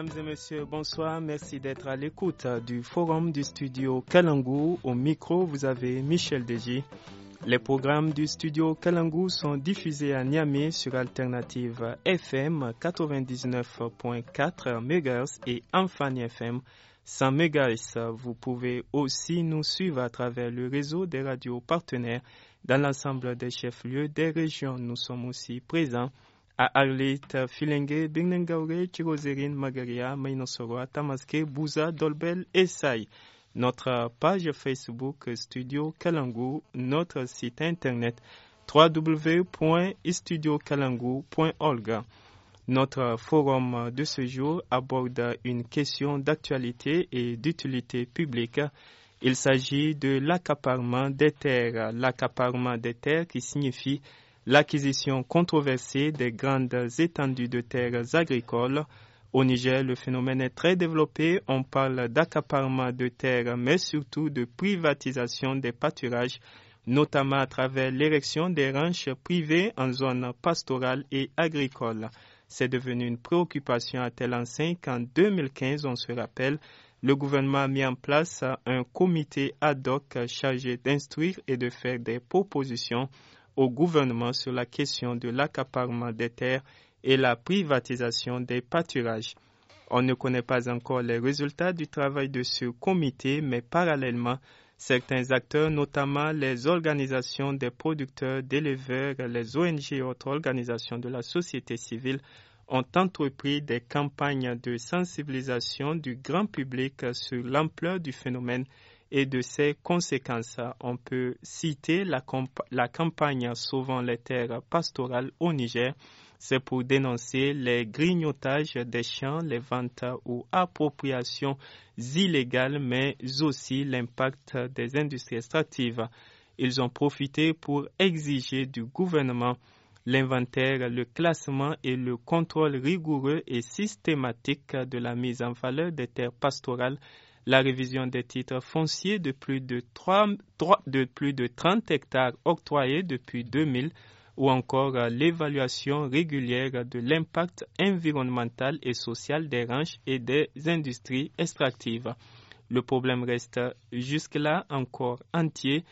Mesdames et messieurs, bonsoir. Merci d'être à l'écoute du forum du studio Kalangou. Au micro, vous avez Michel Deji. Les programmes du studio Kalangou sont diffusés à Niamey sur Alternative FM 99.4 MHz et Enfani FM 100 MHz. Vous pouvez aussi nous suivre à travers le réseau des radios partenaires dans l'ensemble des chefs-lieux des régions. Nous sommes aussi présents a magaria mainosoroa tamaske bouza dolbel et notre page facebook studio kalangu notre site internet www.studiokalangu.org notre forum de ce jour aborde une question d'actualité et d'utilité publique. Il s'agit de l'accaparement des terres, l'accaparement des terres qui signifie l'acquisition controversée des grandes étendues de terres agricoles. Au Niger, le phénomène est très développé. On parle d'accaparement de terres, mais surtout de privatisation des pâturages, notamment à travers l'érection des ranches privées en zone pastorale et agricole. C'est devenu une préoccupation à tel enseigne qu'en 2015, on se rappelle, le gouvernement a mis en place un comité ad hoc chargé d'instruire et de faire des propositions au gouvernement sur la question de l'accaparement des terres et la privatisation des pâturages. On ne connaît pas encore les résultats du travail de ce comité, mais parallèlement, certains acteurs, notamment les organisations des producteurs, d'éleveurs, les ONG et autres organisations de la société civile, ont entrepris des campagnes de sensibilisation du grand public sur l'ampleur du phénomène et de ses conséquences. On peut citer la, campagne Sauvant les terres pastorales au Niger. C'est pour dénoncer les grignotages des champs, les ventes ou appropriations illégales, mais aussi l'impact des industries extractives. Ils ont profité pour exiger du gouvernement l'inventaire, le classement et le contrôle rigoureux et systématique de la mise en valeur des terres pastorales la révision des titres fonciers de plus de, 30 hectares octroyés depuis 2000 ou encore l'évaluation régulière de l'impact environnemental et social des ranches et des industries extractives. Le problème reste jusque-là encore entier.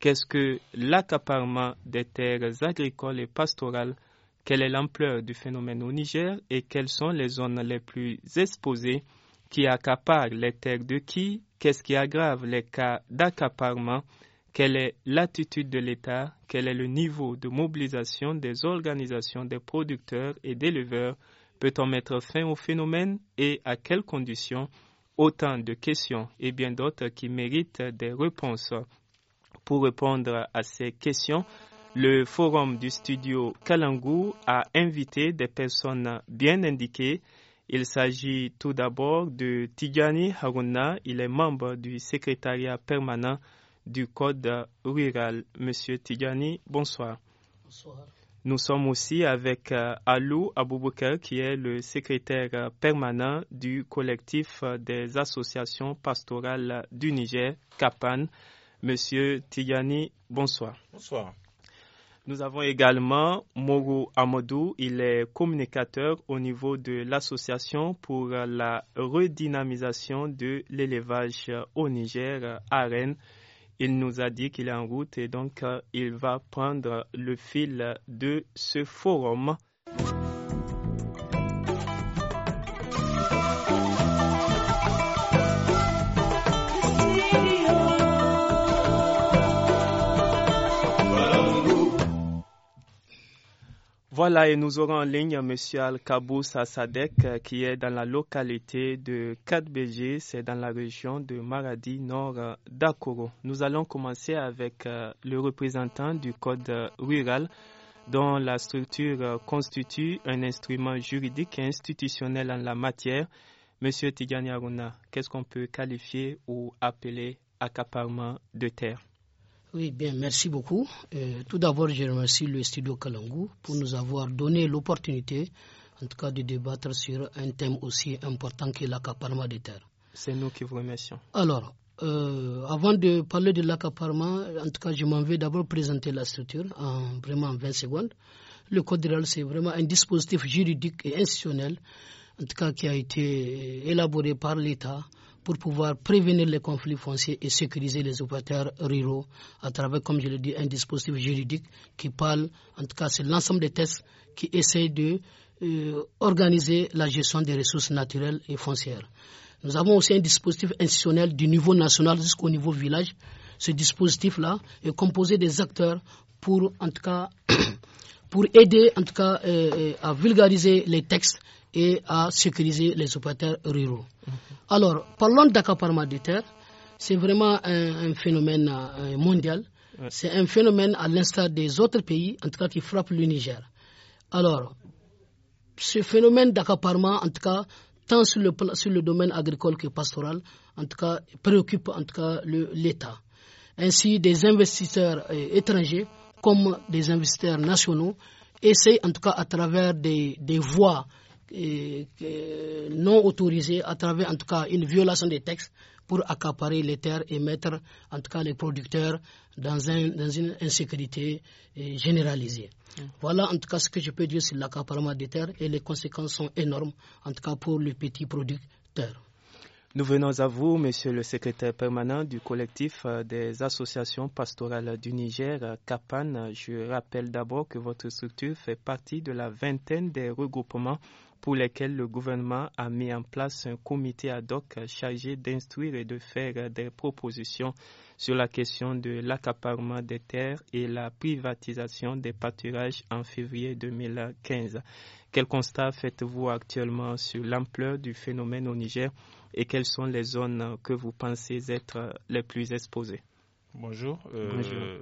Qu'est-ce que l'accaparement des terres agricoles et pastorales Quelle est l'ampleur du phénomène au Niger et quelles sont les zones les plus exposées qui accapare les terres de qui Qu'est-ce qui aggrave les cas d'accaparement Quelle est l'attitude de l'État Quel est le niveau de mobilisation des organisations des producteurs et d'éleveurs Peut-on mettre fin au phénomène et à quelles conditions Autant de questions et bien d'autres qui méritent des réponses. Pour répondre à ces questions, le forum du studio Kalangou a invité des personnes bien indiquées il s'agit tout d'abord de Tigani Haruna. Il est membre du secrétariat permanent du Code rural. Monsieur Tigani, bonsoir. Bonsoir. Nous sommes aussi avec euh, Alou Aboubouker, qui est le secrétaire permanent du collectif des associations pastorales du Niger, Kapan. Monsieur Tigani, bonsoir. Bonsoir. Nous avons également Moro Amadou, il est communicateur au niveau de l'Association pour la redynamisation de l'élevage au Niger, à Rennes. Il nous a dit qu'il est en route et donc euh, il va prendre le fil de ce forum. Voilà, et nous aurons en ligne M. Al-Kabou Sassadek, euh, qui est dans la localité de Kadbeji, c'est dans la région de Maradi Nord euh, d'Akoro. Nous allons commencer avec euh, le représentant du Code rural, dont la structure constitue un instrument juridique et institutionnel en la matière. M. Tigani qu'est-ce qu'on peut qualifier ou appeler accaparement de terre oui, bien, merci beaucoup. Euh, tout d'abord, je remercie le studio Kalangou pour nous avoir donné l'opportunité, en tout cas, de débattre sur un thème aussi important que l'accaparement des terres. C'est nous qui vous remercions. Alors, euh, avant de parler de l'accaparement, en tout cas, je m'en vais d'abord présenter la structure en vraiment 20 secondes. Le Code rural, c'est vraiment un dispositif juridique et institutionnel, en tout cas, qui a été élaboré par l'État pour pouvoir prévenir les conflits fonciers et sécuriser les opérateurs ruraux à travers, comme je l'ai dit, un dispositif juridique qui parle, en tout cas, c'est l'ensemble des tests qui essayent de euh, organiser la gestion des ressources naturelles et foncières. Nous avons aussi un dispositif institutionnel du niveau national jusqu'au niveau village. Ce dispositif-là est composé des acteurs pour, en tout cas, pour aider en tout cas euh, euh, à vulgariser les textes et à sécuriser les opérateurs ruraux. Mhm. Alors, parlons d'accaparement des terres. C'est vraiment un, phénomène euh, mondial. C'est un phénomène à l'instar des autres pays, en tout cas qui frappe le Niger. Alors, ce phénomène d'accaparement, en tout cas, tant sur le, domaine agricole que pastoral, en tout cas, préoccupe en tout cas l'État. Ainsi, des investisseurs étrangers comme des investisseurs nationaux essayent en tout cas à travers des, des voies euh, non autorisées, à travers en tout cas une violation des textes pour accaparer les terres et mettre en tout cas les producteurs dans, un, dans une insécurité euh, généralisée. Voilà en tout cas ce que je peux dire sur l'accaparement des terres et les conséquences sont énormes en tout cas pour les petits producteurs. Nous venons à vous, Monsieur le secrétaire permanent du collectif euh, des associations pastorales du Niger, CAPAN. Euh, Je rappelle d'abord que votre structure fait partie de la vingtaine des regroupements pour lesquels le gouvernement a mis en place un comité ad hoc chargé d'instruire et de faire des propositions sur la question de l'accaparement des terres et la privatisation des pâturages en février 2015. Quel constat faites-vous actuellement sur l'ampleur du phénomène au Niger et quelles sont les zones que vous pensez être les plus exposées Bonjour. Euh,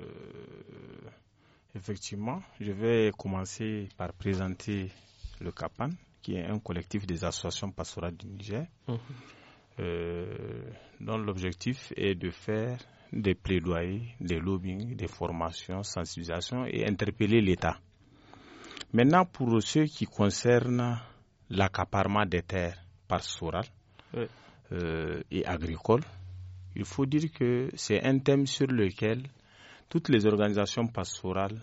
effectivement, je vais commencer par présenter le CAPAN qui est un collectif des associations pastorales du Niger, mhm. euh, dont l'objectif est de faire des plaidoyers, des lobbying, des formations, sensibilisation et interpeller l'État. Maintenant, pour ceux qui concernent l'accaparement des terres pastorales euh, et agricoles, il faut dire que c'est un thème sur lequel toutes les organisations pastorales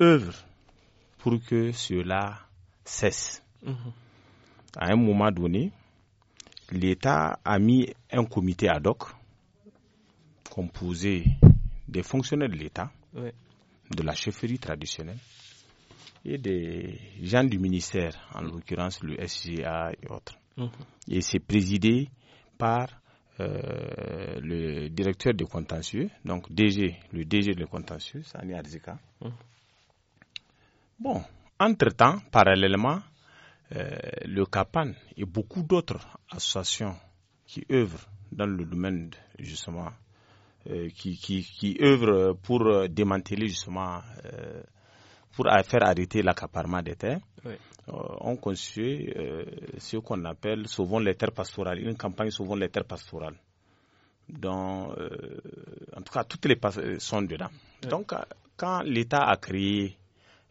œuvrent pour que cela cesse. Mhm. À un moment donné, l'État a mis un comité ad hoc composé des fonctionnaires de l'État, de la chefferie traditionnelle et des gens du ministère, en l'occurrence le SGA et autres. Mhm. Et c'est présidé par euh, le directeur de contentieux, donc DG, le DG de contentieux, Sani Arzika. Mhm. Bon, entre-temps, parallèlement, euh, le CAPAN et beaucoup d'autres associations qui œuvrent dans le domaine, justement, euh, qui, qui, œuvrent pour euh, démanteler, justement, pour faire arrêter l'accaparement des terres, ont conçu ce qu'on appelle souvent les terres pastorales, une campagne souvent les terres pastorales. Dont, en tout cas, toutes les sont dedans. Donc, quand l'État a créé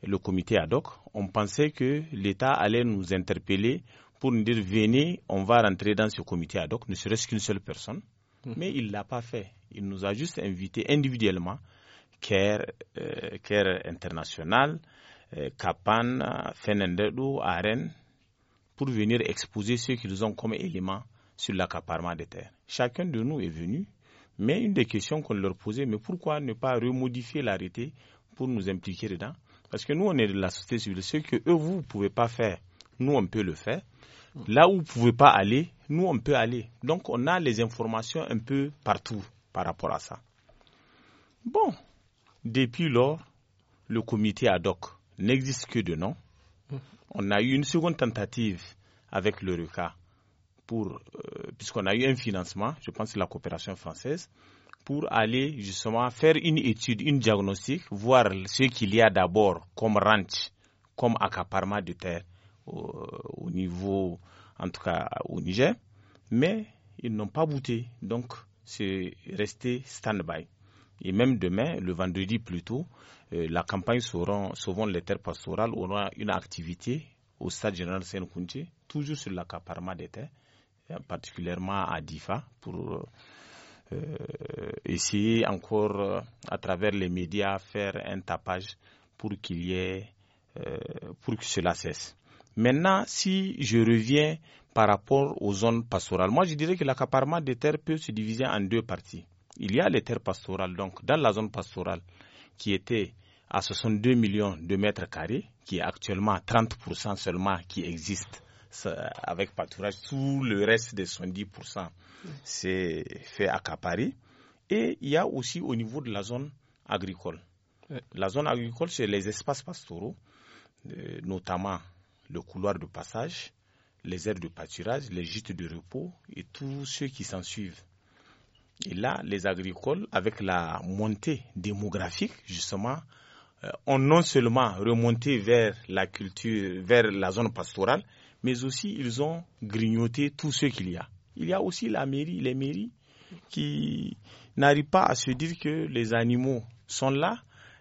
le comité ad hoc, on pensait que l'État allait nous interpeller pour nous dire venez, on va rentrer dans ce comité ad hoc, ne serait-ce qu'une seule personne. Mmh. Mais il ne l'a pas fait. Il nous a juste invités individuellement, CARE, euh, International, euh, Fenendedo, pour venir exposer ce qu'ils ont comme éléments sur l'accaparement des terres. Chacun de nous est venu, mais une des questions qu'on leur posait, mais pourquoi ne pas remodifier l'arrêté pour nous impliquer dedans parce que nous, on est de la société civile. Ce que eux, vous ne pouvez pas faire, nous, on peut le faire. Hmm. Là où vous ne pouvez pas aller, nous, on peut aller. Donc, on a les informations un peu partout par rapport à ça. Bon, depuis lors, le comité ad hoc n'existe que de nom. Hmm. On a eu une seconde tentative avec le e euh, puisqu'on a eu un financement, je pense, la coopération française pour aller justement faire une étude, une diagnostic, voir ce qu'il y a d'abord comme ranch, comme accaparement de terre au, niveau, en tout cas au Niger, mais ils n'ont pas bouté, donc c'est resté stand-by. Et même demain, le vendredi plutôt, tôt, euh, la campagne Sauvant les terres pastorales aura une activité au stade général saint toujours sur l'accaparement de terre, particulièrement à Difa, pour euh, euh, essayer encore euh, à travers les médias faire un tapage pour qu'il y ait euh, pour que cela cesse. Maintenant, si je reviens par rapport aux zones pastorales, moi je dirais que l'accaparement des terres peut se diviser en deux parties. Il y a les terres pastorales, donc dans la zone pastorale qui était à 62 millions de mètres carrés, qui est actuellement à 30% seulement qui existe avec pâturage, tout le reste des 70%, c'est fait accaparer. Et il y a aussi au niveau de la zone agricole. La zone agricole, c'est les espaces pastoraux, euh, notamment le couloir de passage, les aires de pâturage, les gîtes de repos et tous ceux qui s'en suivent. Et là, les agricoles, avec la montée démographique, justement, euh, ont non seulement remonté vers la culture, vers la zone pastorale, mais aussi ils ont grignoté tout ce qu'il y a. Il y a aussi la mairie, les mairies qui n'arrivent pas à se dire que les animaux sont là.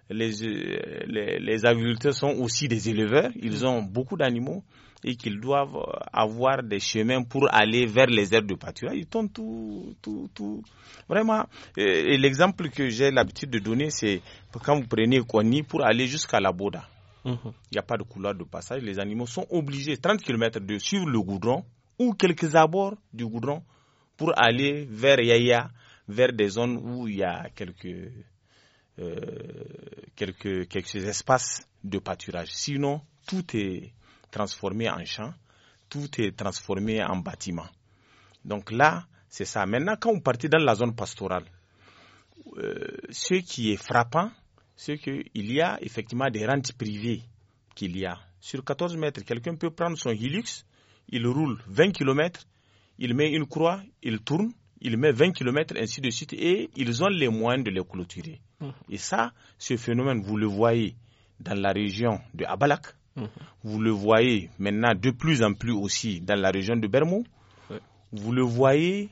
Les, euh, agriculteurs sont aussi des éleveurs, ils mm. ont beaucoup d'animaux et qu'ils doivent euh, avoir des chemins pour aller vers les aires de pâturage. Ils tombent tout, tout, tout. Vraiment, euh, l'exemple que j'ai l'habitude de donner, c'est quand vous prenez Kony pour aller jusqu'à la Boda. Il n'y a pas de couloir de passage. Les animaux sont obligés, 30 km, de suivre le goudron ou quelques abords du goudron pour aller vers Yaya, vers des zones où il y a quelques, euh, quelques, quelques espaces de pâturage. Sinon, tout est transformé en champ, tout est transformé en bâtiment. Donc là, c'est ça. Maintenant, quand on partez dans la zone pastorale, euh, ce qui est frappant, c'est qu'il y a effectivement des rentes privées qu'il y a. Sur 14 mètres, quelqu'un peut prendre son Hilux, il roule 20 km, il met une croix, il tourne, il met 20 km, ainsi de suite, et ils ont les moyens de les clôturer. Mmh. Et ça, ce phénomène, vous le voyez dans la région de Abalak, mmh. vous le voyez maintenant de plus en plus aussi dans la région de Bermou, vous le voyez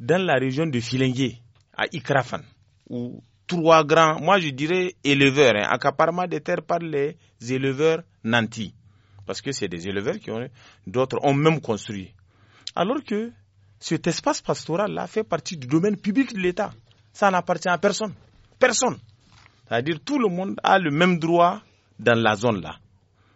dans la région de Filengue, à Ikrafan, où trois grands, moi je dirais éleveurs, hein, accaparement des terres par les éleveurs nantis. Parce que c'est des éleveurs qui ont, d'autres ont même construit. Alors que cet espace pastoral-là fait partie du domaine public de l'État. Ça n'appartient à personne. Personne. C'est-à-dire tout le monde a le même droit dans la zone-là.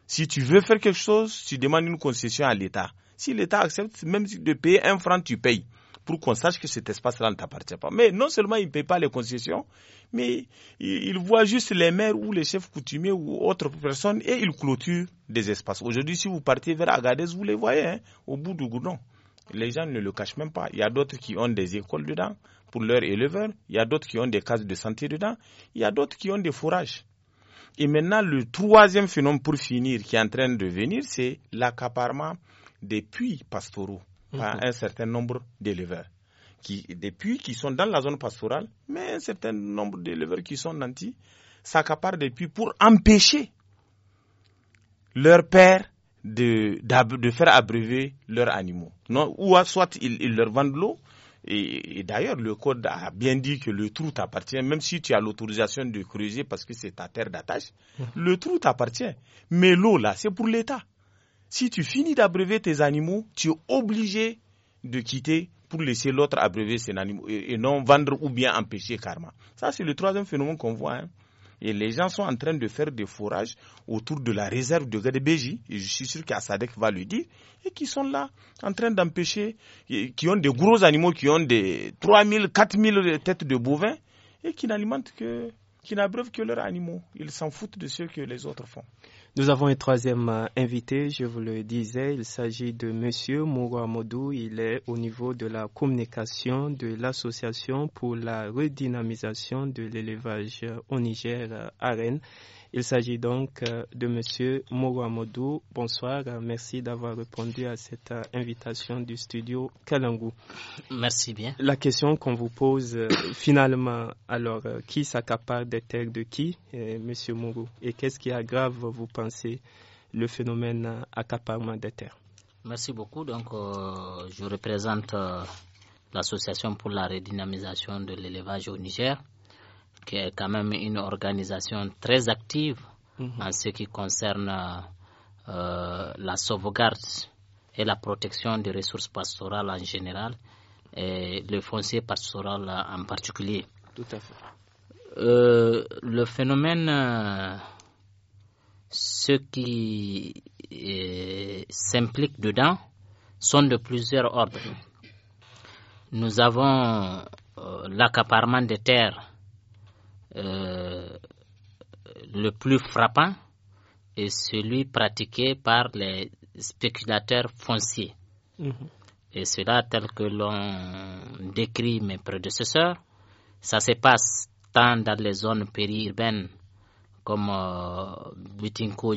Si tu veux faire quelque chose, tu demandes une concession à l'État. Si l'État accepte, même si tu payes un franc, tu payes pour qu'on sache que cet espace-là ne t'appartient pas. Mais non seulement il ne paye pas les concessions, mais il voit juste les maires ou les chefs coutumiers ou autres personnes et il clôture des espaces. Aujourd'hui, si vous partez vers Agadez, vous les voyez hein, au bout du goudron. Les gens ne le cachent même pas. Il y a d'autres qui ont des écoles dedans pour leurs éleveurs. Il y a d'autres qui ont des cases de santé dedans. Il y a d'autres qui ont des forages. Et maintenant, le troisième phénomène pour finir qui est en train de venir, c'est l'accaparement des puits pastoraux. Mhm. un certain nombre d'éleveurs. Qui, depuis, qui sont dans la zone pastorale, mais un certain nombre d'éleveurs qui sont nantis s'accaparent des pour empêcher leur père de, de faire abreuver leurs animaux. Non, ou soit ils, leur vendent l'eau, et, d'ailleurs, le code a bien dit que le trou t'appartient, même si tu as l'autorisation de creuser parce que c'est ta terre d'attache, mhm. le trou t'appartient. Mais l'eau, là, c'est pour l'État. Si tu finis d'abreuver tes animaux, tu es obligé de quitter pour laisser l'autre abreuver ses animaux et, non vendre ou bien empêcher karma. Ça, c'est le troisième phénomène qu'on voit. Hein. Et les gens sont en train de faire des forages autour de la réserve de Gadebéji, et je suis sûr qu'Assadek va le dire, et qui sont là en train d'empêcher, qui ont des gros animaux, qui ont des 3000, 4000 têtes de bovins, et qui n'alimentent que, qui n'abreuvent que leurs animaux. Ils s'en foutent de ce que les autres font. Nous avons un troisième euh, invité, je vous le disais, il s'agit de Monsieur Moura Modou. Il est au niveau de la communication de l'Association pour la redynamisation de l'élevage au Niger, à euh, Rennes. Il s'agit donc euh, de Monsieur Amodou. Bonsoir, euh, merci d'avoir répondu à cette euh, invitation du studio Kalangou. Merci bien. La question qu'on vous pose finalement, alors, qui s'accapare des terres de qui, M. Monsieur Mourou Et qu'est-ce qui aggrave, vous pensez, le phénomène accaparement des terres Merci beaucoup. Donc, je représente l'Association pour la redynamisation de l'élevage au Niger qui est quand même une organisation très active mhm. en ce qui concerne euh, la sauvegarde et la protection des ressources pastorales en général et le foncier pastoral en particulier. Tout à fait. Euh, le phénomène, ceux ce qui euh, s'impliquent dedans, sont de plusieurs ordres. Mhm. Nous avons l'accaparement des terres euh, le plus frappant est celui pratiqué par les spéculateurs fonciers. Mhm. Et cela, tel que l'ont décrit mes prédécesseurs, ça se passe tant dans les zones périurbaines comme euh,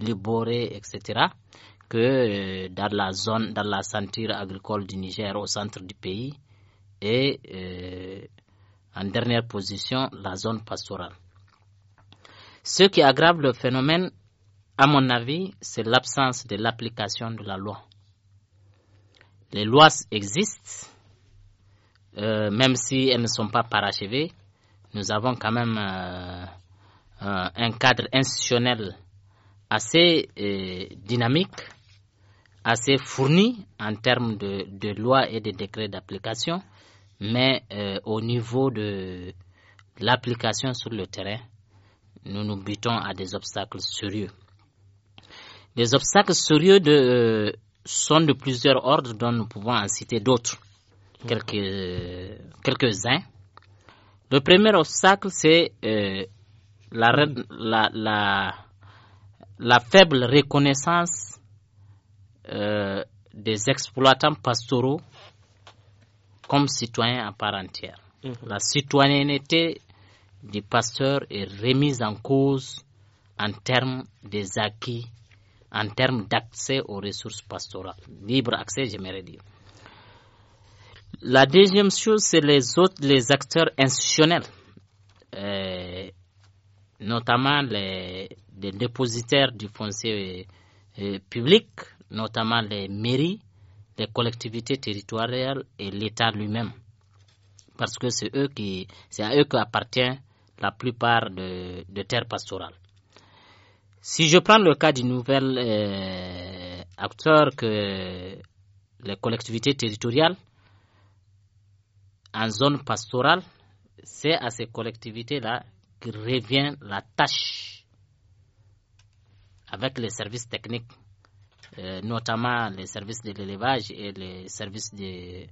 Liboré, etc., que euh, dans la zone, dans la ceinture agricole du Niger au centre du pays et euh, en dernière position, la zone pastorale. Ce qui aggrave le phénomène, à mon avis, c'est l'absence de l'application de la loi. Les lois existent, euh, même si elles ne sont pas parachevées. Nous avons quand même euh, euh, un cadre institutionnel assez dynamique, assez fourni en termes de lois et de décrets d'application. Mais euh, au niveau de l'application sur le terrain, nous nous butons à des obstacles sérieux. Les obstacles sérieux euh, sont de plusieurs ordres dont nous pouvons en citer d'autres, euh, quelques-uns. le premier obstacle, c'est la, faible reconnaissance des exploitants pastoraux comme citoyen à part entière. Mhm. La citoyenneté du pasteur est remise en cause en termes des acquis, en termes d'accès aux ressources pastorales. Libre accès, j'aimerais dire. La deuxième chose, c'est les autres, les acteurs institutionnels, euh, notamment les, les, dépositaires du foncier euh, public, notamment les mairies, les collectivités territoriales et l'État lui-même. Parce que c'est eux qui, c'est à eux qu'appartient la plupart de, terres pastorales. Si je prends le cas du nouvel euh, acteur que les collectivités territoriales en zone pastorale, c'est à ces collectivités-là que revient la tâche avec les services techniques euh, notamment les services de l'élevage et les services euh,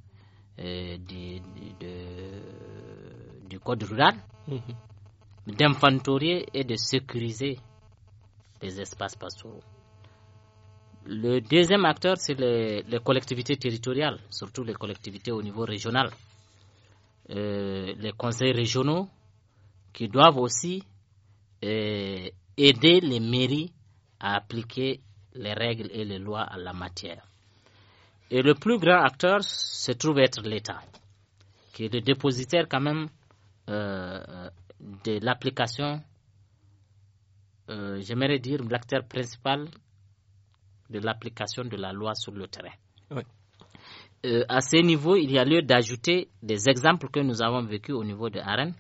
du code rural, mhm. d'infanterie et de sécuriser les espaces pastoraux. Le deuxième acteur, c'est les, collectivités territoriales, surtout les collectivités au niveau régional, euh, les conseils régionaux qui doivent aussi aider les mairies à appliquer les règles et les lois à la matière. Et le plus grand acteur se trouve être l'État, qui est le dépositaire quand même euh, de l'application, euh, j'aimerais dire l'acteur principal de l'application de la loi sur le terrain. Euh, à ce niveau, il y a lieu d'ajouter des exemples que nous avons vécu au niveau de Arène,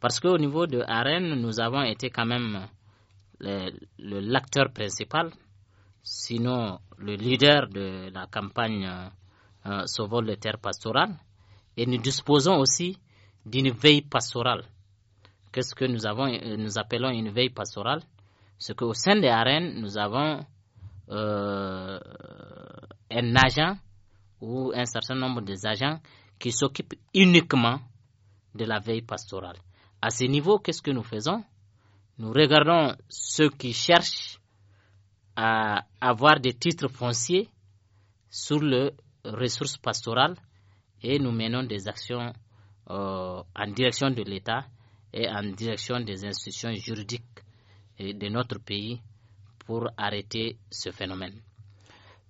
parce qu'au niveau de Arène, nous avons été quand même l'acteur principal sinon le leader de la campagne euh, Sauvons les terres pastorales. Et nous disposons aussi d'une veille pastorale. Qu'est-ce que nous, avons, euh, nous appelons une veille pastorale C'est qu'au sein des arènes, nous avons euh, un agent ou un certain nombre d'agents qui s'occupent uniquement de la veille pastorale. À ce niveau, qu'est-ce que nous faisons Nous regardons ceux qui cherchent à avoir des titres fonciers sur les ressources pastorales et nous menons des actions euh, en direction de l'État et en direction des institutions juridiques de notre pays pour arrêter ce phénomène.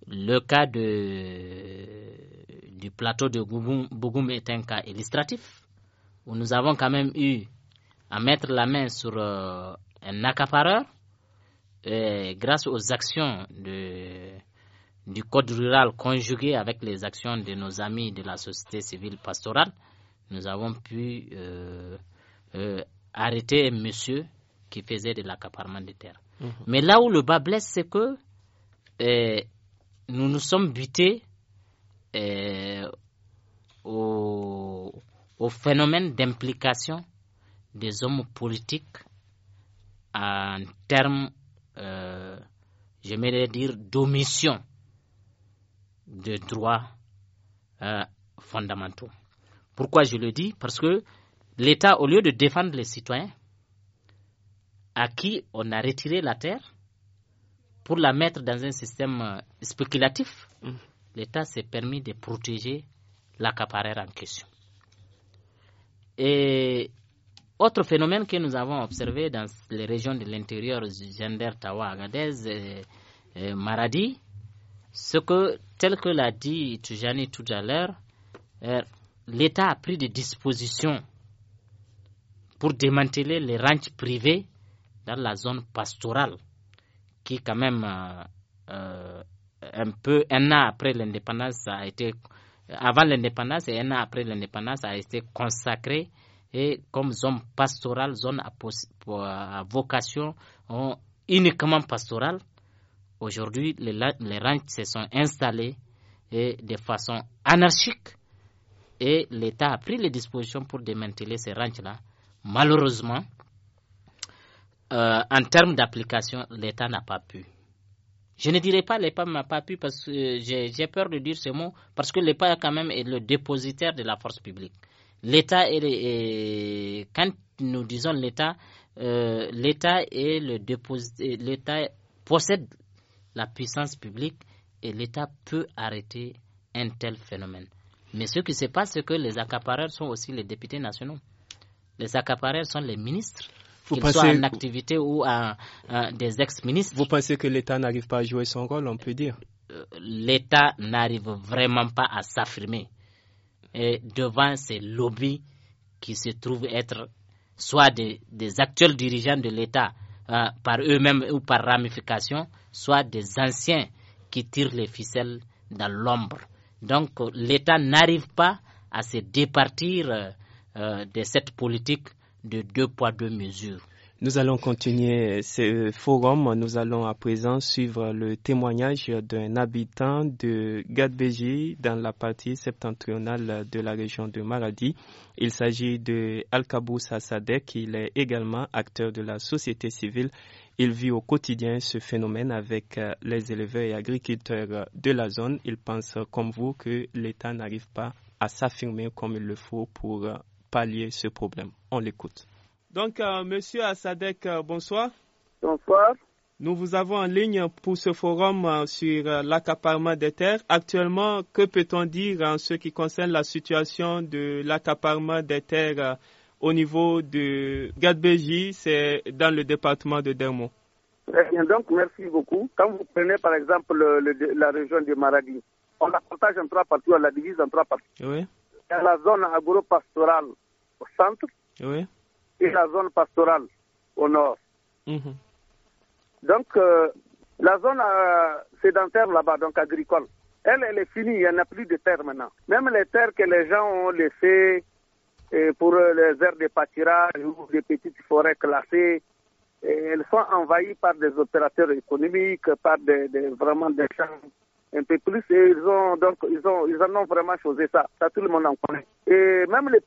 Le cas du plateau de Bougoum est un cas illustratif où nous avons quand même eu à mettre la main sur euh, un accapareur euh, grâce aux actions du Code rural conjugué avec les actions de nos amis de la société civile pastorale, nous avons pu euh, euh, arrêter un monsieur qui faisait de l'accaparement de terres. Mhm. Mais là où le bas blesse, c'est que nous nous sommes butés au, au phénomène d'implication des hommes politiques en termes euh, j'aimerais dire, d'omission de droits euh, fondamentaux. Pourquoi je le dis Parce que l'État, au lieu de défendre les citoyens, à qui on a retiré la terre pour la mettre dans un système euh, spéculatif, hum. l'État s'est permis de protéger l'accapareur en question. Et autre phénomène que nous avons observé dans les régions de l'intérieur, Gender, Tawa, Agadez, et, euh, euh, Maradi, ce que, tel que l'a dit Tujani tout à l'heure, euh, l'État a pris des dispositions pour démanteler les ranches privés dans la zone pastorale, qui quand même un peu un an après l'indépendance a été avant l'indépendance et un an après l'indépendance a été consacré et comme zone pastorale, zone à, vocation uniquement pastorale, aujourd'hui les, ranches se sont installés de façon anarchique et l'État a pris les dispositions pour démanteler ces ranchs-là. Malheureusement, euh, en termes d'application, l'État n'a pas pu. Je ne dirais pas l'État n'a pas pu parce que j'ai peur de dire ce mot, parce que l'EPA quand même est le dépositaire de la force publique. L'État est, quand nous disons l'État, euh, l'État est le l'État possède la puissance publique et l'État peut arrêter un tel phénomène. Mais ce qui se passe, c'est que les accapareurs sont aussi les députés nationaux. Les accapareurs sont les ministres, qu'ils soient en activité ou des ex-ministres. Vous pensez que l'État n'arrive pas à jouer son rôle, on peut dire euh, L'État n'arrive vraiment pas à s'affirmer devant ces lobbies qui se trouvent être soit des, actuels dirigeants de l'État euh, par eux-mêmes ou par ramification, soit des anciens qui tirent les ficelles dans l'ombre. Donc l'État n'arrive pas à se départir euh, euh, de cette politique de deux poids, deux mesures. Nous allons continuer ce forum. Nous allons à présent suivre le témoignage d'un habitant de Gadbeji dans la partie septentrionale de la région de Maradi. Il s'agit de al Kabous Il est également acteur de la société civile. Il vit au quotidien ce phénomène avec euh, les éleveurs et agriculteurs de la zone. Il pense comme vous que l'État n'arrive pas à s'affirmer comme il le faut pour euh, pallier ce problème. On l'écoute. Donc, euh, Monsieur Asadek, euh, bonsoir. Bonsoir. Nous vous avons en ligne pour ce forum euh, sur l'accaparement des terres. Actuellement, que peut-on dire en ce qui concerne la situation de l'accaparement des terres au niveau de Gadbeji, c'est dans le département de Dermo donc merci beaucoup. Quand vous prenez par exemple la région de Maradi, on la partage en trois parties, on la divise en trois parties. Oui. la zone agro-pastorale au centre. Oui et la zone pastorale au nord. Mhm. Donc, euh, la zone euh, sédentaire là-bas, donc agricole, elle, elle est finie, il n'y en a plus de terres maintenant. Même les terres que les gens ont laissées euh, pour les aires de pâturage ou des petites forêts classées, elles sont envahies par des opérateurs économiques, par vraiment des champs un peu plus et ils ont donc ils ont ils en ont vraiment choisi ça. Ça tout le monde en connaît. Et même les,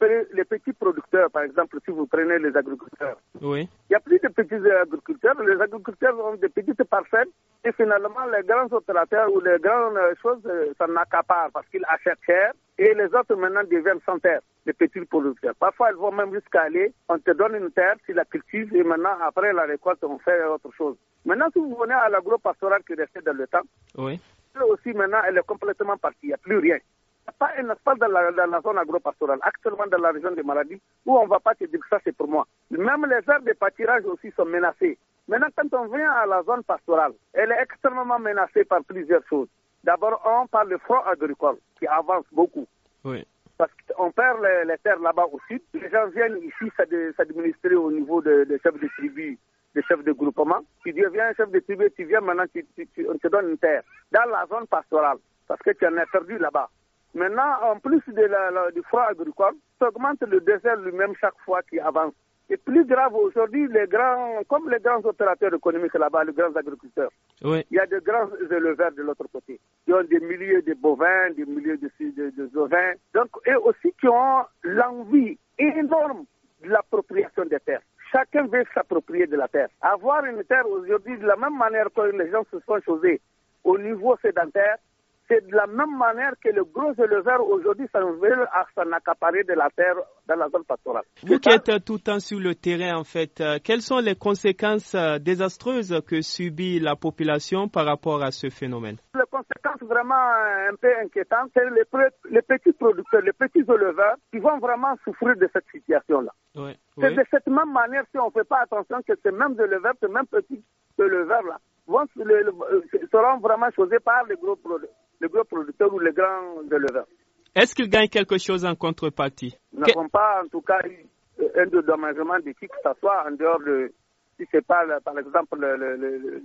petits producteurs, par exemple, si vous prenez les agriculteurs, oui. il n'y a plus de petits euh, agriculteurs. Les agriculteurs ont des petites parcelles et finalement les grands opérateurs ou les grandes euh, choses euh, s'en accaparent parce qu'ils achètent cher et les autres maintenant deviennent sans terre, les petits producteurs. Parfois, ils vont même jusqu'à aller, on te donne une terre, tu la cultives et maintenant, après la récolte, on fait autre chose. Maintenant, si vous venez à l'agro-pastoral qui restait dans le temps, oui aussi maintenant, elle est complètement partie. Il n'y a plus rien. Il n'y pas un dans la, zone agro-pastorale, actuellement dans la région des maladies, où on ne va pas te dire que ça c'est pour moi. Même les aires de pâturage aussi sont menacées. Maintenant, quand on vient à la zone pastorale, elle est extrêmement menacée par plusieurs choses. D'abord, on parle de front agricole qui avance beaucoup. Parce qu'on perd les, terres là-bas au sud. Les gens viennent ici s'administrer au niveau des de chefs de tribu de chef de groupement. Tu deviens chef de tribu, tu viens maintenant, on te donne une terre dans la zone pastorale parce que tu en as perdu là-bas. Maintenant, en plus de du froid agricole, tu augmentes le désert lui-même chaque fois qu'il avance. Et plus grave aujourd'hui, les grands, comme les grands opérateurs économiques là-bas, les grands agriculteurs, il y a de grands éleveurs de l'autre côté, qui ont des milliers de bovins, des milliers de, de, ovins, donc, et aussi qui ont l'envie énorme de l'appropriation des terres chacun veut s'approprier de la terre. Avoir une terre aujourd'hui, de la même manière que les gens se sont choisis au niveau sédentaire, c'est de la même manière que le gros éleveurs aujourd'hui s'en veut à s'en accaparer de la terre dans la zone pastorale. Vous qui êtes tout le temps sur le terrain, en fait, euh, quelles sont les conséquences euh, désastreuses que subit la population par rapport à ce phénomène Les conséquences vraiment euh, un peu inquiétantes, c'est les, petits producteurs, les petits éleveurs qui vont vraiment souffrir de cette situation-là. c'est de cette même manière, si on ne fait pas attention, que ces mêmes éleveurs, ces mêmes petits éleveurs-là, seront vraiment choisis par les gros producteurs les gros producteurs ou les grands éleveurs. Est-ce qu'ils gagnent quelque chose en contrepartie Nous n'avons pas en tout cas eu euh, un dédommagement de qui que ce soit en dehors de, si c'est pas par exemple le, le,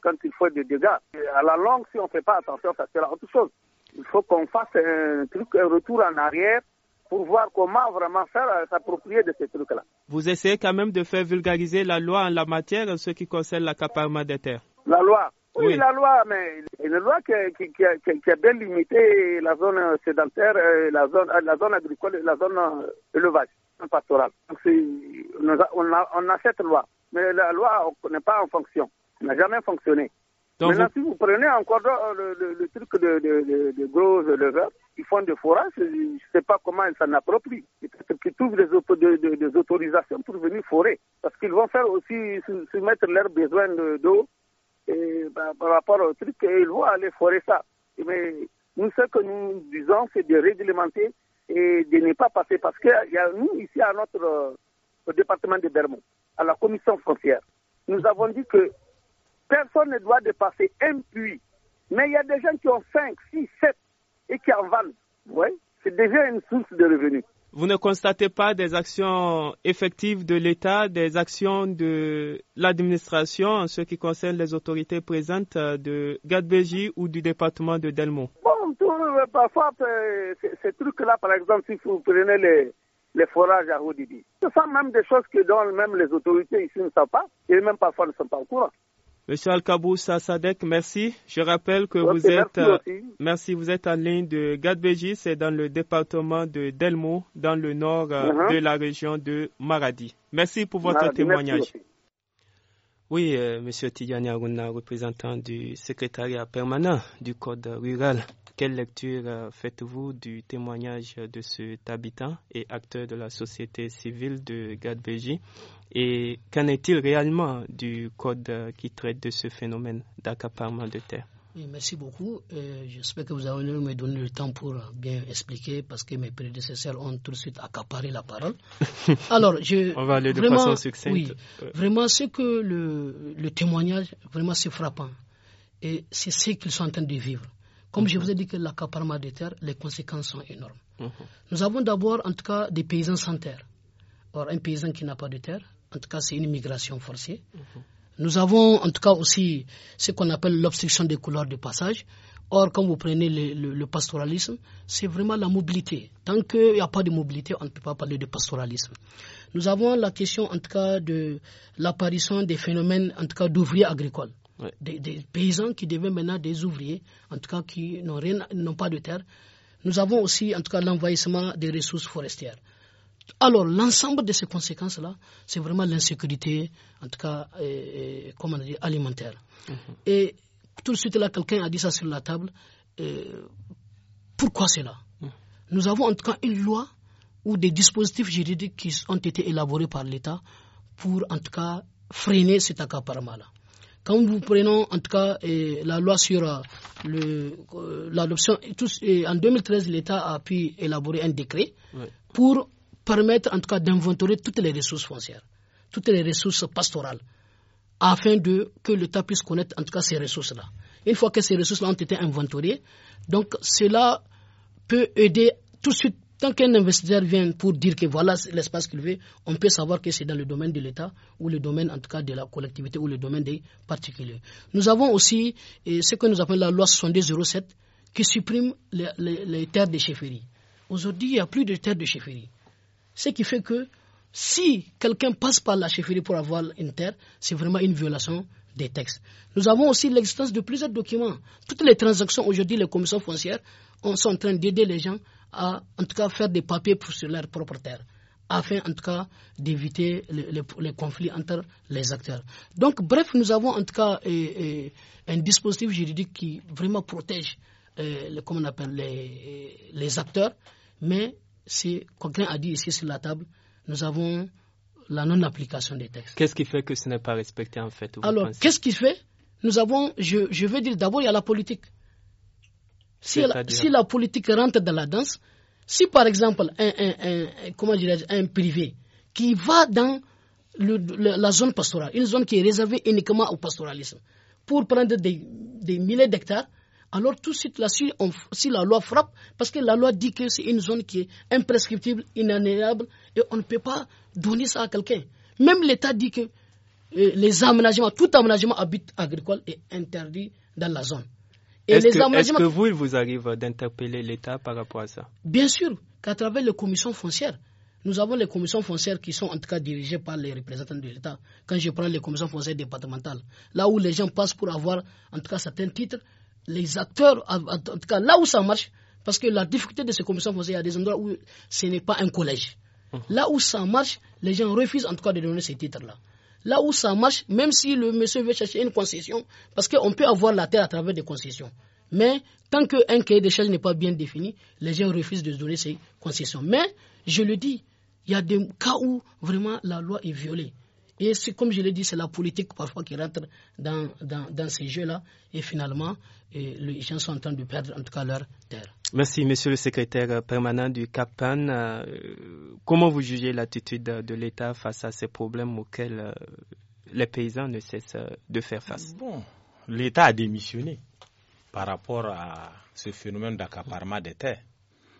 quand il faut des dégâts. à la longue, si on ne fait pas attention, ça sera autre chose. Il faut qu'on fasse un truc, un retour en arrière pour voir comment vraiment faire euh, s'approprier de ces trucs-là. Vous essayez quand même de faire vulgariser la loi en la matière en ce qui concerne l'accaparement des terres. La loi, oui, la loi, mais une loi qui, qui, qui, a, qui, bien limité la zone sédentaire, euh, la zone, euh, la zone agricole la zone euh, élevage, pastorale. Donc, on a, on, a, cette loi, mais la loi n'est pas en fonction, n'a jamais fonctionné. Donc si vous prenez encore le, truc de, de, de, gros éleveurs, ils font des forages, je ne sais pas comment ils s'en approprient. Peut-être qu'ils trouvent des, autorisations pour venir forer, parce qu'ils vont faire aussi soumettre leurs besoins d'eau et bah, par rapport au truc, ils vont aller forer ça. Mais nous, ce que nous disons, c'est de réglementer et de ne pas passer. Parce que y a, nous, ici, à notre euh, au département de Bermont, à la commission frontière, nous avons dit que personne ne doit dépasser un puits. Mais il y a des gens qui ont 5, 6, 7 et qui en valent. Ouais, c'est déjà une source de revenus vous ne constatez pas des actions effectives de l'État, des actions de l'administration en ce qui concerne les autorités présentes euh, de Gadbeji ou du département de Delmo Bon, tout, euh, parfois, euh, ces trucs-là, par exemple, si vous prenez les, forages à Rodibi. ce sont même des choses que même les autorités ici ne savent pas et même parfois ne sont pas au courant. Monsieur Kaboussa Sadek, merci. Je rappelle que vous êtes, euh, merci, vous êtes en ligne de Gadbeji, c'est dans le département de Delmo, dans le nord euh, uh-huh. de la région de Maradi. Merci pour votre témoignage. Oui, euh, Monsieur Tidjani Aruna, représentant du secrétariat permanent du Code rural. Quelle lecture faites-vous du témoignage de cet habitant et acteur de la société civile de Gadbeji et qu'en est-il réellement du code euh, qui traite de ce phénomène d'accaparement de terre Merci beaucoup. Euh, j'espère que vous avez me le temps pour bien expliquer parce que mes prédécesseurs ont tout de suite accaparé la parole. Alors, On va aller de vraiment, façon succincte. vraiment, ce que le, témoignage, vraiment, c'est frappant. Et c'est ce qu'ils sont en train de vivre. Comme je mhm. vous ai dit que l'accaparement de terre, les conséquences sont énormes. Mhm. Nous avons d'abord, en tout cas, des paysans sans terre. Or, un paysan qui n'a pas de terre, en tout cas, c'est une migration forcée. Mhm. Nous avons en tout cas aussi ce qu'on appelle l'obstruction des couloirs de passage. Or, quand vous prenez le, pastoralisme, c'est vraiment la mobilité. Tant qu'il n'y a pas de mobilité, on ne peut pas parler de pastoralisme. Nous avons la question, en tout cas, de l'apparition des phénomènes, en tout cas, d'ouvriers agricoles. Des, paysans qui deviennent maintenant des ouvriers, en tout cas, qui n'ont pas de terre. Nous avons aussi, en tout cas, l'envahissement des ressources forestières. Alors, l'ensemble de ces conséquences-là, c'est vraiment l'insécurité, en tout cas, euh, euh, alimentaire. Mhm. Et tout de suite, là, quelqu'un a dit ça sur la table. Euh, pourquoi cela mhm. Nous avons en tout cas une loi ou des dispositifs juridiques qui ont été élaborés par l'État pour, en tout cas, freiner cet accaparement-là. Quand vous prenons, en tout cas, la loi sur l'adoption, en 2013, l'État a pu élaborer un décret pour permettre en tout cas d'inventorier toutes les ressources foncières, toutes les ressources pastorales, afin de, que l'État puisse connaître en tout cas ces ressources-là. Une fois que ces ressources-là ont été inventoriées, donc cela peut aider tout de suite. Tant qu'un investisseur vient pour dire que voilà l'espace qu'il veut, on peut savoir que c'est dans le domaine de l'État ou le domaine en tout cas de la collectivité ou le domaine des particuliers. Nous avons aussi euh, ce que nous appelons la loi 7207 qui supprime les, terres de chefferie. Aujourd'hui, il n'y a plus de terres de chefferie. Ce qui fait que si quelqu'un passe par la chefferie pour avoir une terre, c'est vraiment une violation des textes. Nous avons aussi l'existence de plusieurs documents. Toutes les transactions aujourd'hui, les commissions foncières sont en train d'aider les gens à, en tout cas, faire des papiers sur leur propre terre, afin, en tout cas, d'éviter les, conflits entre les acteurs. Donc, bref, nous avons, en tout cas, euh, euh, un dispositif juridique qui vraiment protège, euh, on appelle, les, euh, les acteurs, mais si quelqu'un a dit ici sur la table, nous avons la non-application des textes. Qu'est-ce qui fait que ce n'est pas respecté en fait Alors, qu'est-ce qui fait Nous avons, je, je veux dire, d'abord, il y a la politique. Si la, politique rentre dans la danse, si par exemple un, un privé qui va dans la zone pastorale, une zone qui est réservée uniquement au pastoralisme, pour prendre des milliers d'hectares, alors tout de suite si la loi frappe, parce que la loi dit que c'est une zone qui est imprescriptible, inanéable, et on ne peut pas donner ça à quelqu'un. Même l'État dit que euh, les aménagements, tout aménagement à agricole est interdit dans la zone. Est-ce que, que, vous, il vous arrive d'interpeller l'État par rapport à ça Bien sûr, qu'à travers les commissions foncières. Nous avons les commissions foncières qui sont en tout cas dirigées par les représentants de l'État. Quand je prends les commissions foncières départementales, là où les gens passent pour avoir en tout cas certains titres, les acteurs, en, tout cas là où ça marche, parce que la difficulté de ces commissions foncières, il y a des endroits où ce n'est pas un collège. Hum. Là où ça marche, les gens refusent en tout cas de donner ces titres-là. Là où ça marche, même si le monsieur veut chercher une concession, parce qu'on peut avoir la terre à travers des concessions. Mais tant qu'un cahier des charges n'est pas bien défini, les gens refusent de donner ces concessions. Mais, je le dis, il y a des cas où vraiment la loi est violée. Et comme je l'ai dit, c'est la politique parfois qui rentre dans, dans, ces jeux-là. Et finalement, les gens sont en train de perdre en tout cas leur terre. Merci, monsieur le secrétaire permanent du CAPAN. Euh, comment vous jugez l'attitude de l'État face à ces problèmes auxquels euh, les paysans ne cessent euh, de faire face Bon, l'État a démissionné par rapport à ce phénomène d'accaparement des terres.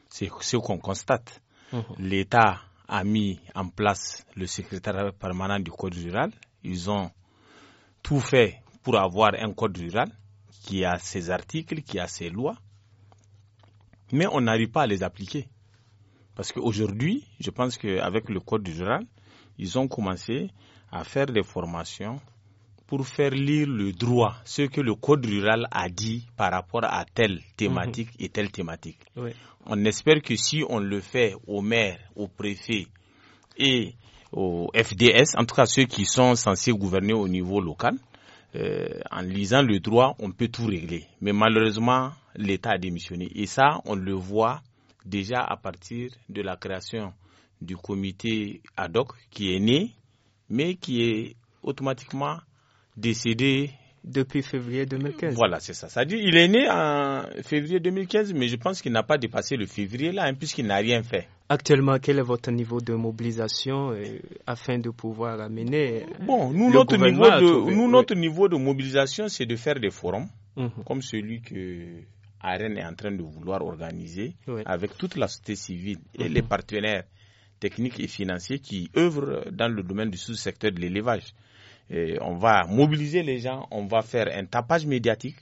C'est ce qu'on constate. Mmh. L'État a mis en place le secrétariat permanent du Code rural. Ils ont tout fait pour avoir un Code rural qui a ses articles, qui a ses lois, mais on n'arrive pas à les appliquer. Parce qu'aujourd'hui, je pense qu'avec le Code rural, ils ont commencé à faire des formations pour faire lire le droit, ce que le code rural a dit par rapport à telle thématique mhm. et telle thématique. On espère que si on le fait au maire, au préfet et au FDS, en tout cas ceux qui sont censés gouverner au niveau local, euh, en lisant le droit, on peut tout régler. Mais malheureusement, l'État a démissionné. Et ça, on le voit déjà à partir de la création du comité ad hoc qui est né, mais qui est automatiquement décédé depuis février 2015. Voilà, c'est ça. Ça il est né en février 2015, mais je pense qu'il n'a pas dépassé le février là, hein, puisqu'il n'a rien fait. Actuellement, quel est votre niveau de mobilisation euh, afin de pouvoir amener euh, Bon, nous le notre niveau de nous, notre niveau de mobilisation, c'est de faire des forums mhm. comme celui que Arène est en train de vouloir organiser avec toute la société civile et mhm. les partenaires techniques et financiers qui œuvrent dans le domaine du sous-secteur de l'élevage on va mobiliser les gens, on va faire un tapage médiatique.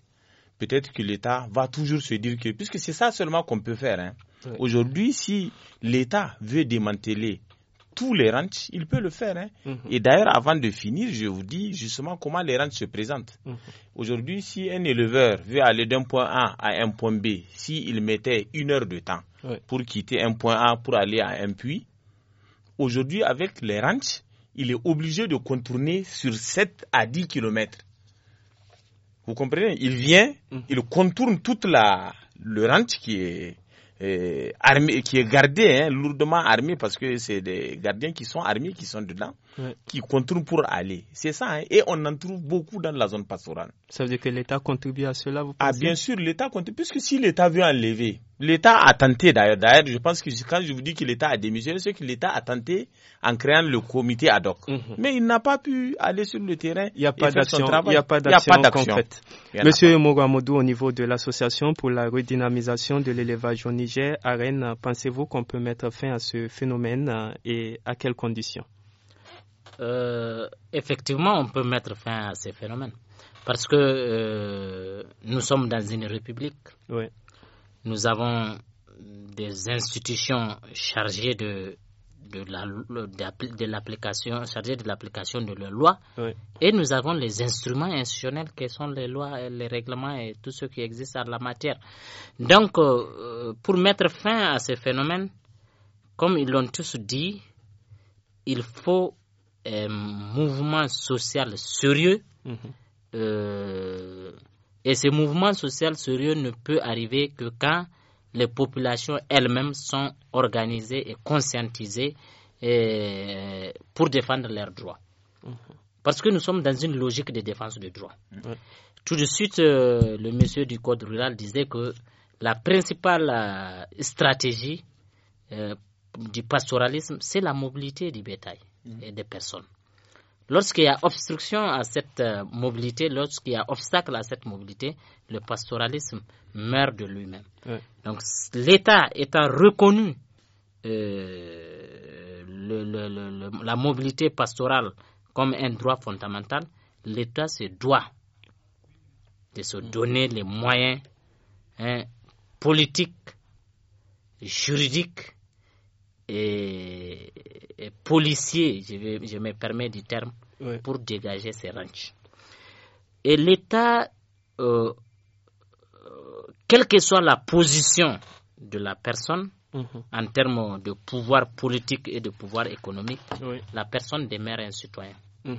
Peut-être que l'État va toujours se dire que, puisque c'est ça seulement qu'on peut faire. Hein. Aujourd'hui, si l'État veut démanteler tous les ranchs, il peut le faire. Hein. Mm-hmm. Et d'ailleurs, avant de finir, je vous dis justement comment les ranchs se présentent. Mm-hmm. Aujourd'hui, si un éleveur veut aller d'un point A à un point B, s'il mettait une heure de temps pour quitter un point A pour aller à un puits, aujourd'hui, avec les ranchs, il est obligé de contourner sur 7 à 10 kilomètres. Vous comprenez Il vient, mm. il contourne toute la le ranch qui est euh, qui est gardé, hein, lourdement armé parce que c'est des gardiens qui sont armés qui sont dedans qui contournent pour aller. C'est ça. Hein. Et on en trouve beaucoup dans la zone pastorale. Ça veut dire que l'État contribue à cela, vous ah, pensez Ah, bien sûr, l'État contribue. Puisque si l'État veut enlever, l'État a tenté d'ailleurs. D'ailleurs, je pense que quand je vous dis que l'État a démissionné, c'est que l'État a tenté en créant le comité ad hoc. Mhm. Mais il n'a pas pu aller sur le terrain. Il n'y a, pas d'action. Il n'y a pas d'action concrète. Monsieur Mogamodou, au niveau de l'association pour la redynamisation de l'élevage au Niger, à Rennes, pensez-vous qu'on peut mettre fin à ce phénomène euh, et à quelles conditions euh, effectivement, on peut mettre fin à ces phénomènes. Parce que euh, nous sommes dans une république. Nous avons des institutions chargées de, de, de, l'application, de l'application de la loi. Et nous avons les instruments institutionnels qui sont les lois, et les règlements et tout ce qui existe en la matière. Donc, euh, pour mettre fin à ces phénomènes, comme ils l'ont tous dit, il faut un mouvement social sérieux. Mhm. Euh, et ce mouvement social sérieux ne peut arriver que quand les populations elles-mêmes sont organisées et conscientisées euh, pour défendre leurs droits. Mhm. Parce que nous sommes dans une logique de défense des droits. Tout de suite, euh, le monsieur du Code rural disait que la principale stratégie du pastoralisme, c'est la mobilité du bétail des personnes. Lorsqu'il y a obstruction à cette euh, mobilité, lorsqu'il y a obstacle à cette mobilité, le pastoralisme meurt de lui-même. Donc l'État étant reconnu euh, la mobilité pastorale comme un droit fondamental, l'État se doit de se donner les moyens hein, politiques, juridiques et policiers, je, me permets du terme, pour dégager ces ranchs. Et l'État, euh, euh, quelle que soit la position de la personne, mhm. en termes de pouvoir politique et de pouvoir économique, la personne demeure un citoyen. Mhm.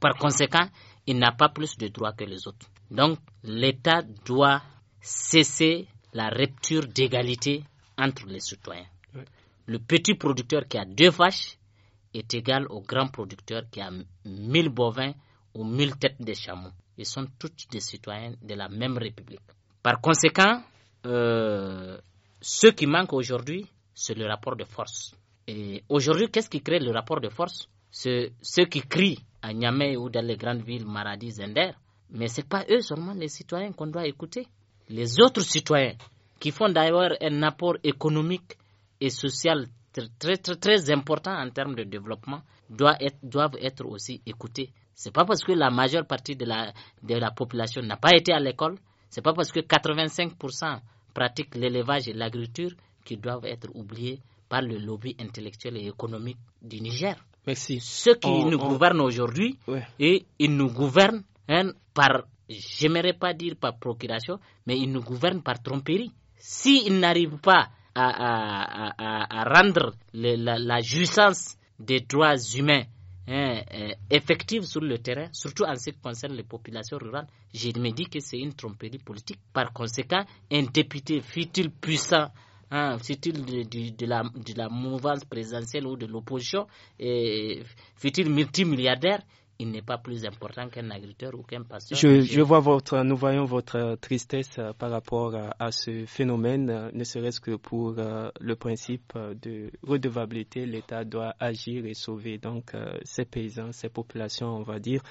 Par conséquent, il n'a pas plus de droits que les autres. Donc, l'État doit cesser la rupture d'égalité entre les citoyens le petit producteur qui a deux vaches est égal au grand producteur qui a mille bovins ou mille têtes de chameaux. Ils sont tous des citoyens de la même République. Par conséquent, euh, ce qui manque aujourd'hui, c'est le rapport de force. Et aujourd'hui, qu'est-ce qui crée le rapport de force C'est ceux qui crient à Niamey ou dans les grandes villes Maradi, Zender. Mais ce n'est pas eux seulement les citoyens qu'on doit écouter. Les autres citoyens qui font d'ailleurs un apport économique et social très, très, très important en termes de développement doivent être, doivent être aussi écoutés. Ce n'est pas parce que la majeure partie de la, de la population n'a pas été à l'école, ce n'est pas parce que 85% pratiquent l'élevage et l'agriculture qu'ils doivent être oubliés par le lobby intellectuel et économique du Niger. Merci. Ceux qui nous gouvernent aujourd'hui, et ils nous gouvernent hein, par, j'aimerais pas dire par procuration, mais ils nous gouvernent par tromperie. S'ils n'arrivent pas à, rendre la, jouissance des droits humains hein, euh, effective sur le terrain, surtout en ce qui concerne les populations rurales, je me dis que c'est une tromperie politique. Par conséquent, un député, fut-il puissant, hein, fut-il de, de, la, de la mouvance présidentielle ou de l'opposition, fut-il multimilliardaire, il n'est pas plus important qu'un agriculteur ou qu'un pasteur. Je, je, vois votre, nous voyons votre euh, tristesse euh, par rapport à, ce phénomène, euh, ne serait-ce que pour le principe de redevabilité. L'État doit agir et sauver donc ces paysans, ces populations, on va dire.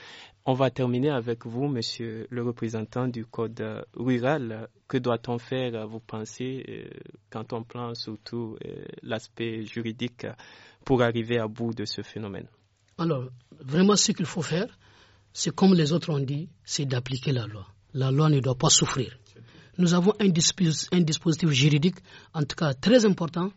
On va terminer avec vous, monsieur le représentant du Code rural. Que doit-on faire, vous pensez, quand on prend surtout l'aspect juridique pour arriver à bout de ce phénomène alors, vraiment, ce qu'il faut faire, c'est comme les autres ont dit, c'est d'appliquer la loi. La loi ne doit pas souffrir. Nous avons un dispositif, juridique, en tout cas très important,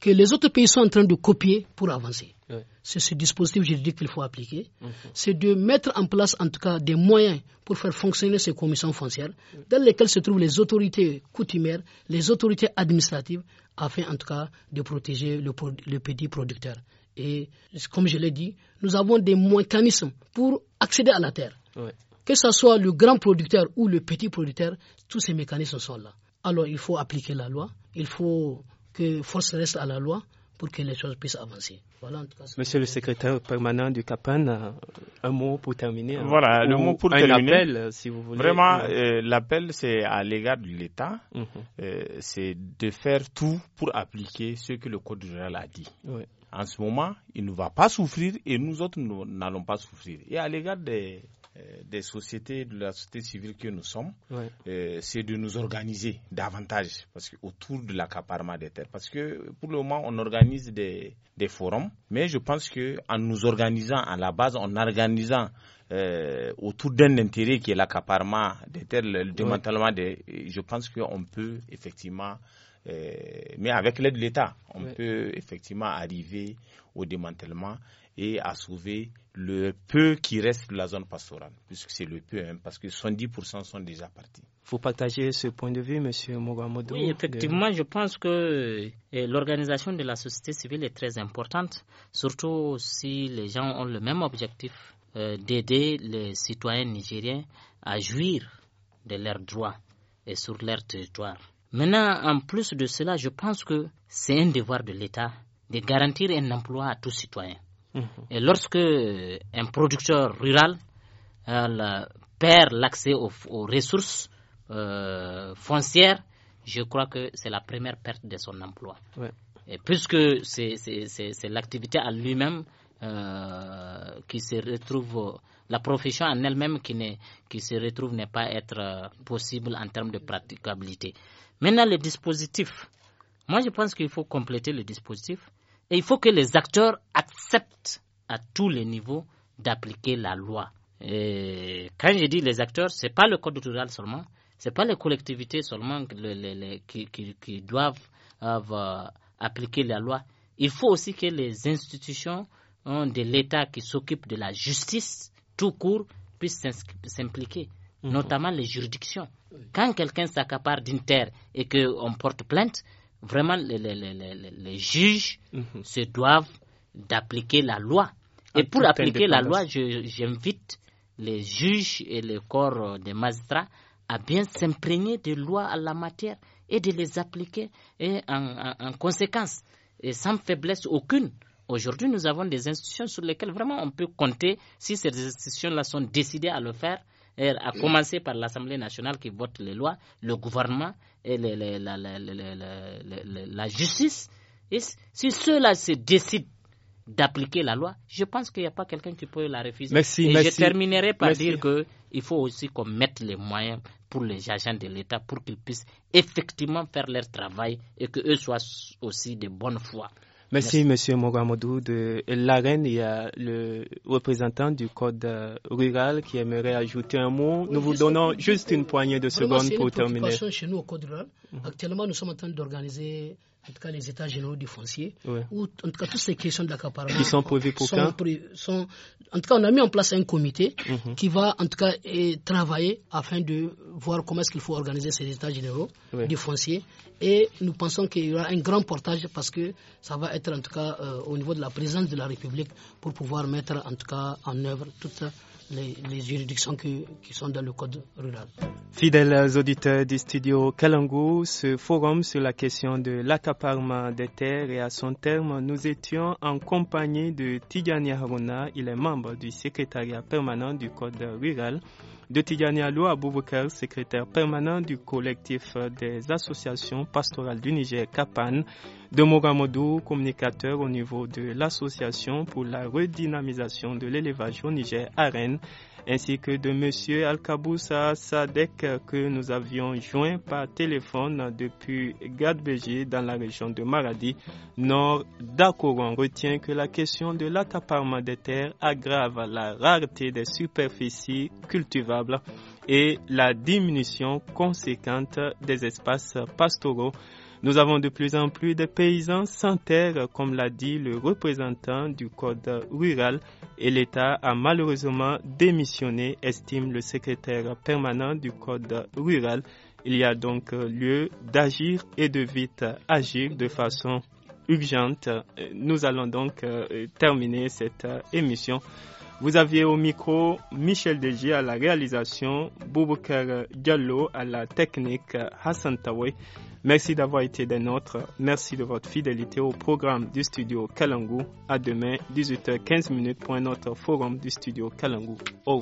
que les autres pays sont en train de copier pour avancer. C'est ce dispositif juridique qu'il faut appliquer. Mhm. C'est de mettre en place, en tout cas, des moyens pour faire fonctionner ces commissions foncières, dans lesquelles se trouvent les autorités coutumières, les autorités administratives, afin, en tout cas, de protéger le, petit producteur. Et comme je l'ai dit, nous avons des mécanismes pour accéder à la terre. Que ce soit le grand producteur ou le petit producteur, tous ces mécanismes sont là. Alors il faut appliquer la loi, il faut que force reste à la loi pour que les choses puissent avancer. Voilà, en tout cas, Monsieur le secrétaire permanent du CAPAN, euh, un mot pour terminer. Hein. Voilà, le mot pour un terminer. Appel, euh, si vous voulez. Vraiment, euh, l'appel, c'est à l'égard de l'État, mhm. c'est de faire tout pour appliquer ce que le Code général a dit. En ce moment, il ne va pas souffrir et nous autres, nous n'allons pas souffrir. Et à l'égard des euh, des sociétés, de la société civile que nous sommes, euh, c'est de nous organiser davantage parce que, autour de l'accaparement des terres. Parce que pour le moment, on organise des, forums, mais je pense qu'en nous organisant à la base, en organisant euh, autour d'un intérêt qui est l'accaparement des terres, le démantèlement des. Je pense qu'on peut effectivement. mais avec l'aide de l'État, on peut effectivement arriver au démantèlement et à sauver le peu qui reste de la zone pastorale, puisque c'est le peu, hein, parce que 70% sont déjà partis. Vous partagez ce point de vue, M. Mogamodou Oui, effectivement, je pense que eh, l'organisation de la société civile est très importante, surtout si les gens ont le même objectif euh, d'aider les citoyens nigériens à jouir de leurs droits et sur leur territoire. Maintenant, en plus de cela, je pense que c'est un devoir de l'État de garantir un emploi à tout citoyen. Mhm. Et lorsque un producteur rural euh, perd l'accès aux, ressources euh, foncières, je crois que c'est la première perte de son emploi. Et puisque c'est l'activité à lui-même euh, qui se retrouve, la profession en elle-même qui, qui, se retrouve n'est pas être possible en termes de praticabilité. Maintenant, les dispositifs. Moi, je pense qu'il faut compléter le dispositif. Et il faut que les acteurs acceptent à tous les niveaux d'appliquer la loi. Et quand je dis les acteurs, ce n'est pas le code rural seulement, ce n'est pas les collectivités seulement qui, doivent euh, appliquer la loi. Il faut aussi que les institutions hein, de l'État qui s'occupent de la justice tout court puissent s'impliquer, mhm. notamment les juridictions. Quand quelqu'un s'accapare d'une terre et qu'on porte plainte, vraiment les, juges mhm. se doivent d'appliquer la loi. Et pour appliquer la loi, j'invite les juges et les corps des magistrats à bien s'imprégner des lois à la matière et de les appliquer et en, conséquence et sans faiblesse aucune. Aujourd'hui, nous avons des institutions sur lesquelles vraiment on peut compter si ces institutions-là sont décidées à le faire a commencé par l'Assemblée nationale qui vote les lois, le gouvernement et la, justice. si ceux-là se décident d'appliquer la loi, je pense qu'il n'y a pas quelqu'un qui peut la refuser. et je terminerai par dire qu'il faut aussi qu'on mette les moyens pour les agents de l'État pour qu'ils puissent effectivement faire leur travail et qu'eux soient aussi de bonne foi. Merci, M. Monsieur De l'arène. il y a le représentant du Code euh, rural qui aimerait ajouter un mot. nous vous donnons juste une poignée de secondes pour terminer. Mm-hmm. Actuellement, nous sommes en train d'organiser en tout cas les états généraux du foncier, ou en tout cas toutes ces questions d'accaparement qui sont prévues pour sont, En tout cas, on a mis en place un comité mhm. qui va en tout cas travailler afin de voir comment est-ce qu'il faut organiser ces états généraux du foncier. Et nous pensons qu'il y aura un grand portage parce que ça va être en tout cas euh, au niveau de la présence de la République pour pouvoir mettre en tout cas en œuvre toute les, juridictions qui, sont dans le code rural. Fidèles auditeurs du studio Kalangu, ce forum sur la question de l'accaparement des terres et à son terme, nous étions en compagnie de Tigani Haruna. Il est membre du secrétariat permanent du code rural de Tidjani Alou Aboubouker, secrétaire permanent du collectif des associations pastorales du Niger, CAPAN, de Mogamodou, communicateur au niveau de l'association pour la redynamisation de l'élevage au Niger, Rennes, ainsi que de M. Kaboussa Sadek que nous avions joint par téléphone depuis Gadbeji dans la région de Maradi, nord On Retient que la question de l'accaparement des terres aggrave la rareté des superficies cultivables et la diminution conséquente des espaces pastoraux nous avons de plus en plus de paysans sans terre, comme l'a dit le représentant du Code rural, et l'État a malheureusement démissionné, estime le secrétaire permanent du Code rural. Il y a donc lieu d'agir et de vite agir de façon urgente. Nous allons donc euh, terminer cette euh, émission vous aviez au micro Michel Degi à la réalisation, Boubouker Diallo à la technique, Hassan Tawé. Merci d'avoir été des nôtres. Merci de votre fidélité au programme du studio Kalangu. À demain, 18h15 pour un autre forum du studio Kalangu. Au